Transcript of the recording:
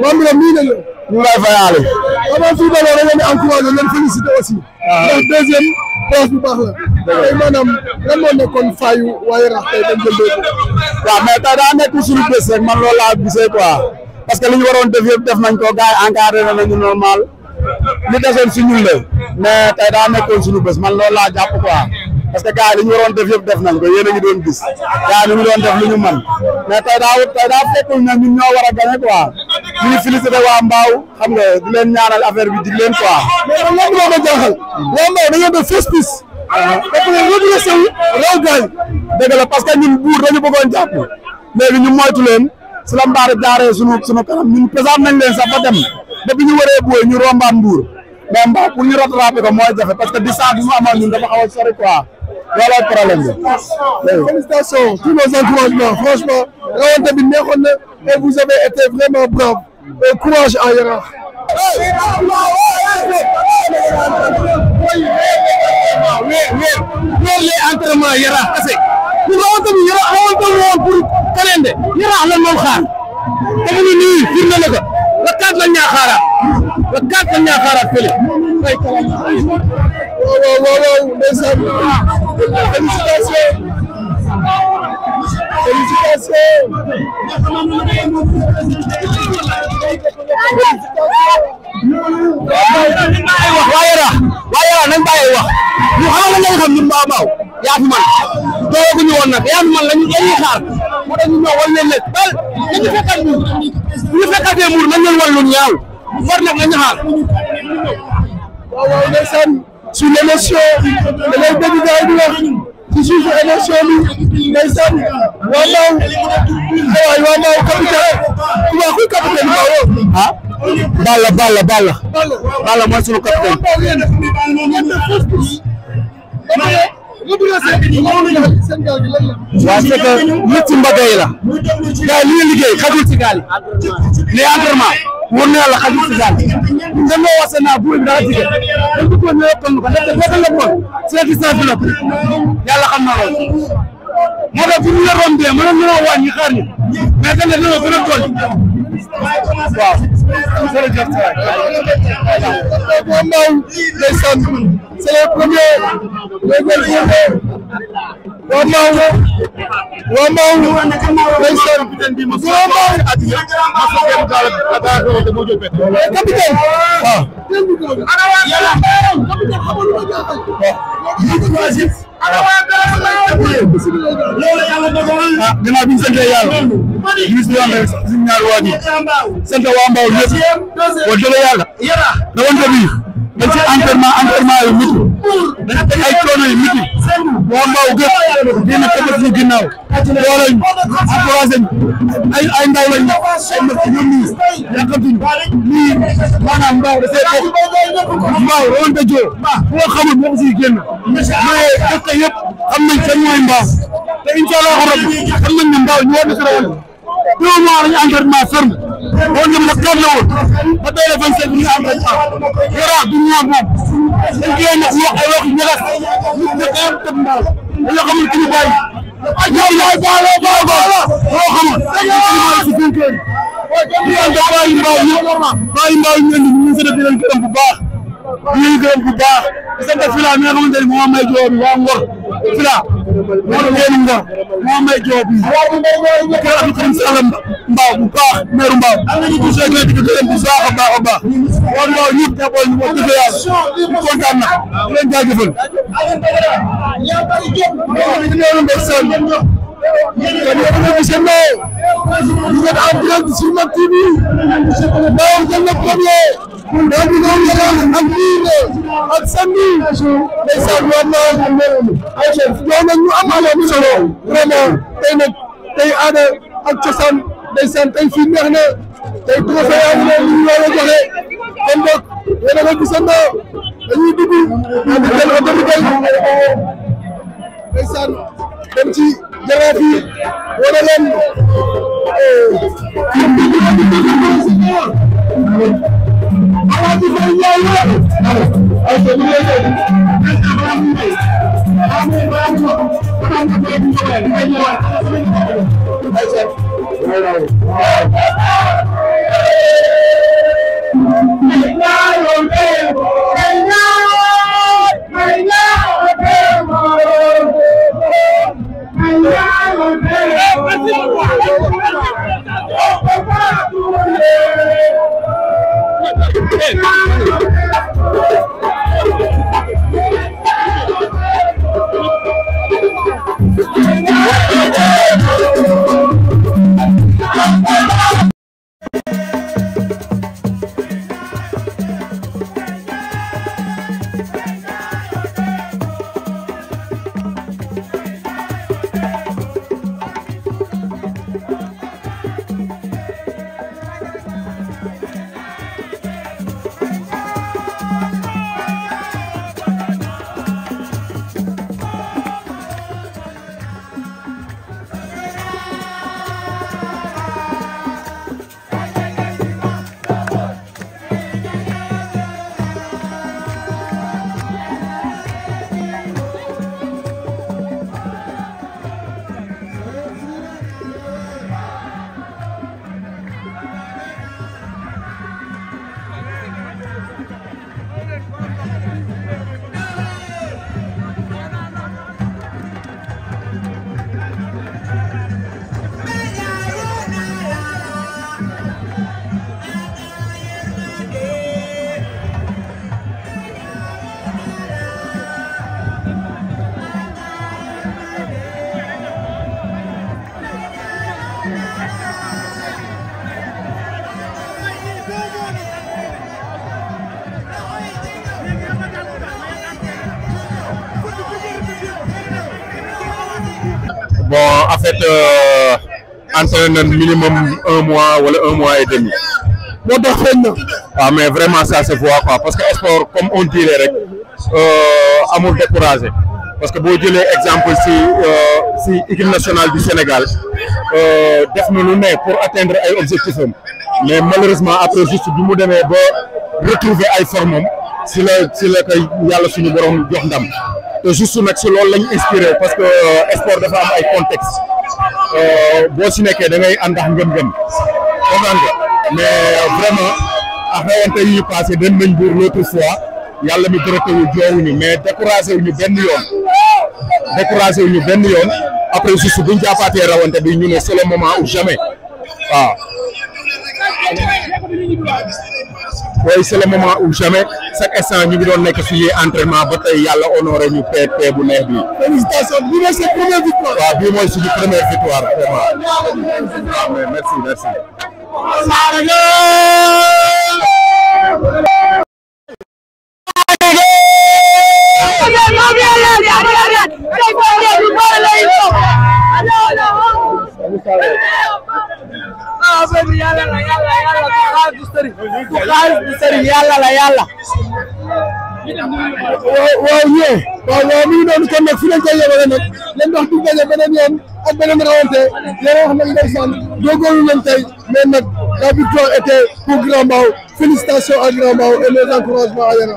moom la mii nañu ñu lay fayaale avant tout d'abord dañ leen di encouragé leen félicité aussi ah. ndax deuxième place bu baax la tey maanaam lan moo nekkoon fayu waaye rax tey dañ jël dee waaw mais tey daa nekk suñu bés man loolu laa gisee quoi parce que ñu waroon def yëpp def nañ ko gars yi encadré na nañu normal li desoon si ñun la mais tey daa nekkoon suñu bés man loolu laa jàpp quoi parce que gars yi li ñu waroon def yëpp def nañ ko yéen a ñu ngi doon ñu mën mais tey daa tey daa fekkul na ñoo war a gagné quoi ñu ngi félicité waa Mbaaw xam nga di leen ñaanal affaire bi dig leen quoi. mais man lan Mbaaw dañoo def fausse piste. te ku que ñun buur dañu bëggoon jàpp ñu moytu leen si la mbaare jaaree sunu kanam ñun pesant nañ leen sa ba dem bi ñu waree booy ñu rombaan mbuur mais mbaa pour ñu rattrapé ko mooy jafe parce que distance bi mu amoon ñun dafa xaw a sori quoi voilà problème bi félicitations tous nos encouragements franchement rawante bi neexoon na et vous avez été vraiment brave et courage en yéen loolu lay yaraax kese pour rawante bi yaraax rawante woon pour Kalende yaraax lan moom xaar te mu ngi na ko la kaat la ñaaxaaraat la kaat la fay kalam waaw waaw waaw ndeysaan félicitations félicitations waaye ra waaye ra nañ bàyyi wax ñu xamal la ngay xam ñun mbaa mbaaw yaa fi man tooguñu woon nag yaa fi man lañu dañuy xaar moo tax ñu ñoo wal leen lépp bal nañu fekkaat muur bu ñu fekkaatee muur nañ leen wal lu ñaaw war nag nañu xaar waaw waaw ndeysaan suñu émotion da ngay dégg gars yi di wax ci suñu émotion bi ndeysaan waa Mbao aywaay waa Mbao capitaine waaw kuy capitaine Mbao ah Balla Balla Balla Balla mooy suñu capitaine waaw c'est que métti mbagay la gars yi li ñu liggéey xajul ci gaal yi ne entraînement wóor na yàlla xajul si daal dañ loo wase naa buur bi dara jige dañ ko bëggoon ñu yokkal ñu ko ndaxte boo ko yokkoon si la distance bi la yàlla xam na loolu moo tax fi ñu yoroon dee mën nañu la wàññi xaar ñu mais dañ la dañoo gën a toll waaw jërëjëf moom Ndao ndeysaan c'est le premier wa Maw wa Maw day seen wa Maw capitaine waaw ah ginnaaw bi ñu sant yàlla ministre yi ànd ak suñu ñaari waa ji sant waa Mbaw ñëpp wa dëgg yàlla rawante bi dañ ci entraînement entraînement yu métti ay coono yu miti waa Mbaw gëpp génn képp suñu ginnaaw doole ñu encouragé ñu ay ay ndaw lañ ay mag ñoom ñii yàqantuñu lii maanaam Mbaw da see bokk Mbaw rawante joo bu ko xamul moo ko siy génn mais dëkk yëpp xam nañ seen mooy Mbaw te incha allah rabbi xam nañ ne Mbaw ñu war na si rawante deux mois lañu entraînement ferme boo ñëw nag doon na woon ba tey la 25 ñu am dañ am Yaraax du ñu moom dañ koy wax wax ay wax yu ñagas ñu ne ko am tëb ndaal dañoo xamul ki ñu bàyyi. ak ñoom ñooy baaloo baaloo boo xamul dañoo xamul si seen kër yi. ñu ànd ak bàyyi mbaaw yi bàyyi mbaaw yi ñu indi ñu ngi sëdd di leen gërëm bu baax. di gërëm bu baax di sant Fila mi nga xamante ne moo may joo bi waa Ngor Fila moo leen Ngor moo may joo bi kër Abdou Karim Sall Mbaaw bu baax meeru Mbaaw bu seetlee di ko gërëm bu baax a baax a baax waa Mbaaw ñëpp jàppal ñu wax dëgg yàlla ñu kontaan na di leen jaajëfal Vous êtes en direct sur ma TV. Vous êtes le premier. Vous êtes le premier. ak samedi ndeysaan war naa ay chef ñoo nag ñu am amoon solo vraiment tey nag tey aada ak cosaan ndeysaan tey fii neex na tey trophée am na lu ñu war a joxe kon boog yéen a nga gisandoo dañuy dugg ànd jël oto bi tey ndeysaan dem ci jaraaf yi wala leen Alaaji Fay Njaay Hey! bon en fait euh, entraîné nañ minimum un mois wala un mois et demi. moo tax xëy na. waaw ah, mais vraiment ça se voit quoi parce que sport comme on dirait rek euh, amul découragé parce que boo jëlee exemple si euh, si équipe nationale du Sénégal def na lu ne pour atteindre ay objectifs mais malheureusement après juste bi mu demee ba retrouver ay formam si la si la koy yàlla suñu borom jox ndam. te juste nag si loolu lañ inspiré parce que euh, sport dafa am ay contexte euh, boo si nekkee da ngay àndax ngëm-ngëm comprendre mais euh, vraiment ak rawante yi ñu passé dem nañ buur l'autre fois yàlla mi dërëte wu joowuñu mais découragé wu ñu benn yoon découragé wu ñu benn yoon après juste buñ jàppaatee rawante bi ñu ne c'est le moment ou jamais oui c'est le moment ou jamais chaque instant ñu doon nekk suñuy entraînement ba tey yàlla honoré ñu paie bu neex bi. mooy sa première victoire. waaw bii mooy suñu affaire bi yàlla la yàlla yàlla du xaalis du sëriñ du xaalis nag fi leen koy yebale nag leen wax du daje beneen yoon ak beneen rawante leen wax nag ndeysaan doogoolu leen tey mais nag la victoire était pour Grand Mbao félicitations à Grand Mbao et les encouragements à Yara